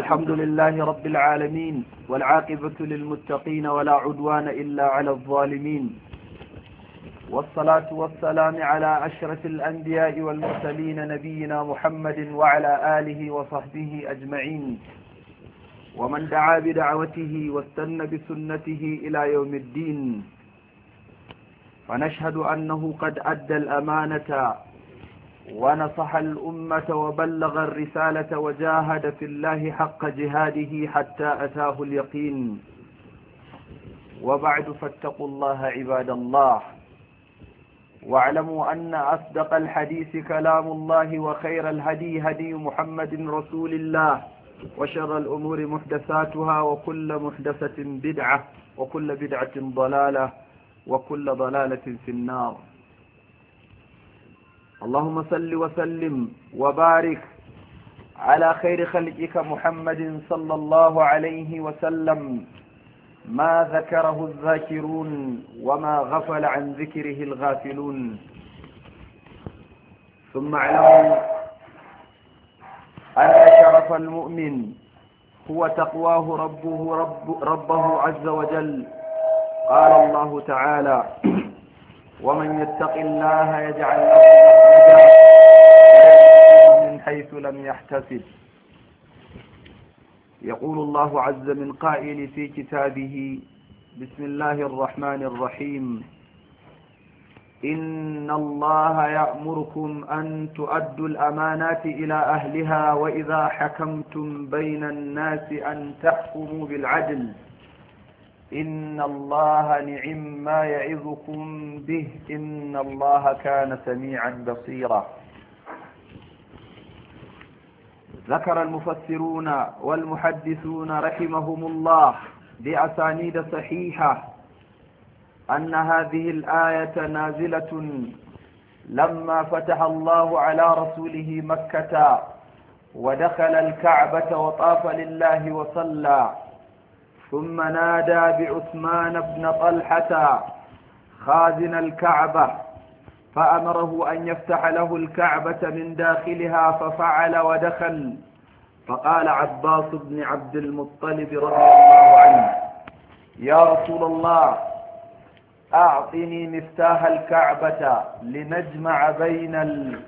الحمد لله رب العالمين والعاقبة للمتقين ولا عدوان إلا على الظالمين والصلاة والسلام على أشرف الأنبياء والمرسلين نبينا محمد وعلى آله وصحبه أجمعين ومن دعا بدعوته واستنى بسنته إلى يوم الدين فنشهد أنه قد أدى الأمانة ونصح الأمة وبلغ الرسالة وجاهد في الله حق جهاده حتى أتاه اليقين وبعد فاتقوا الله عباد الله واعلموا أن أصدق الحديث كلام الله وخير الهدي هدي محمد رسول الله وشر الأمور محدثاتها وكل محدثة بدعة وكل بدعة ضلالة وكل ضلالة في النار اللهم صل وسلم وبارك على خير خلقك محمد صلى الله عليه وسلم ما ذكره الذاكرون وما غفل عن ذكره الغافلون ثم اعلموا أن شرف المؤمن هو تقواه ربه, رب ربه عز وجل قال الله تعالى ومن يتق الله يجعل له حيث لم يحتسب يقول الله عز من قائل في كتابه بسم الله الرحمن الرحيم إن الله يأمركم أن تؤدوا الأمانات إلى أهلها وإذا حكمتم بين الناس أن تحكموا بالعدل إن الله نعم ما يعظكم به إن الله كان سميعا بصيرا ذكر المفسرون والمحدثون رحمهم الله بأسانيد صحيحة أن هذه الآية نازلة لما فتح الله على رسوله مكة ودخل الكعبة وطاف لله وصلى ثم نادى بعثمان بن طلحة خازن الكعبة فأمره أن يفتح له الكعبة من داخلها ففعل ودخل فقال عباس بن عبد المطلب رضي الله عنه يا رسول الله أعطني مفتاح الكعبة لنجمع بين ال...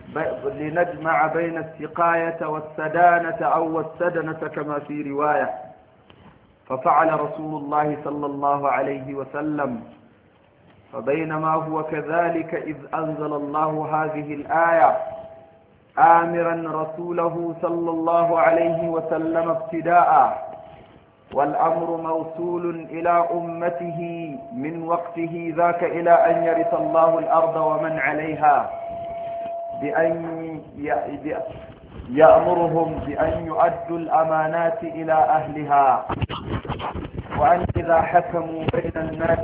لنجمع بين السقاية والسدانة أو والسدنة كما في رواية ففعل رسول الله صلى الله عليه وسلم فبينما هو كذلك إذ أنزل الله هذه الآية آمرا رسوله صلى الله عليه وسلم ابتداء والأمر موصول إلى أمته من وقته ذاك إلى أن يرث الله الأرض ومن عليها بأن يأمرهم بأن يؤدوا الأمانات إلى أهلها وأن إذا حكموا بين الناس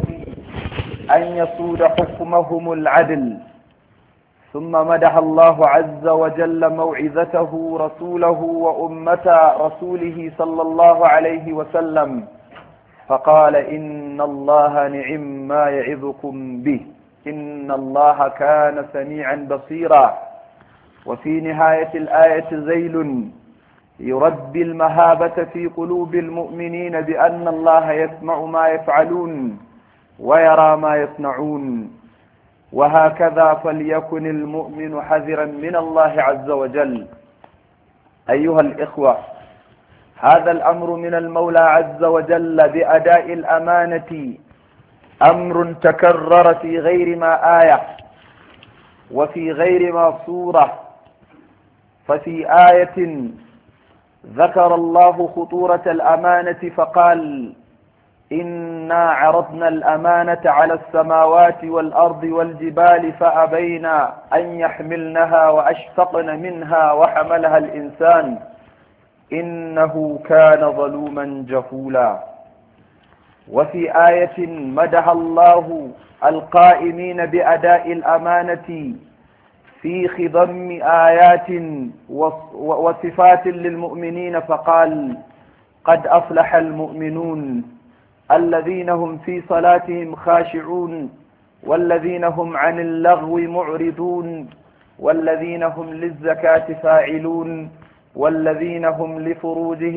أن يصود حكمهم العدل ثم مدح الله عز وجل موعظته رسوله وأمة رسوله صلى الله عليه وسلم فقال إن الله نعم ما يعظكم به إن الله كان سميعا بصيرا وفي نهاية الآية زيل يربي المهابة في قلوب المؤمنين بأن الله يسمع ما يفعلون ويرى ما يصنعون وهكذا فليكن المؤمن حذرا من الله عز وجل أيها الإخوة هذا الأمر من المولى عز وجل بأداء الأمانة أمر تكرر في غير ما آية وفي غير ما صورة ففي آية ذكر الله خطورة الأمانة فقال إنا عرضنا الأمانة على السماوات والأرض والجبال فأبينا أن يحملنها وأشفقن منها وحملها الإنسان إنه كان ظلوما جفولا وفي آية مدح الله القائمين بأداء الأمانة في خضم آيات وصفات للمؤمنين فقال قد أفلح المؤمنون الذين هم في صلاتهم خاشعون والذين هم عن اللغو معرضون والذين هم للزكاة فاعلون والذين هم لفروجهم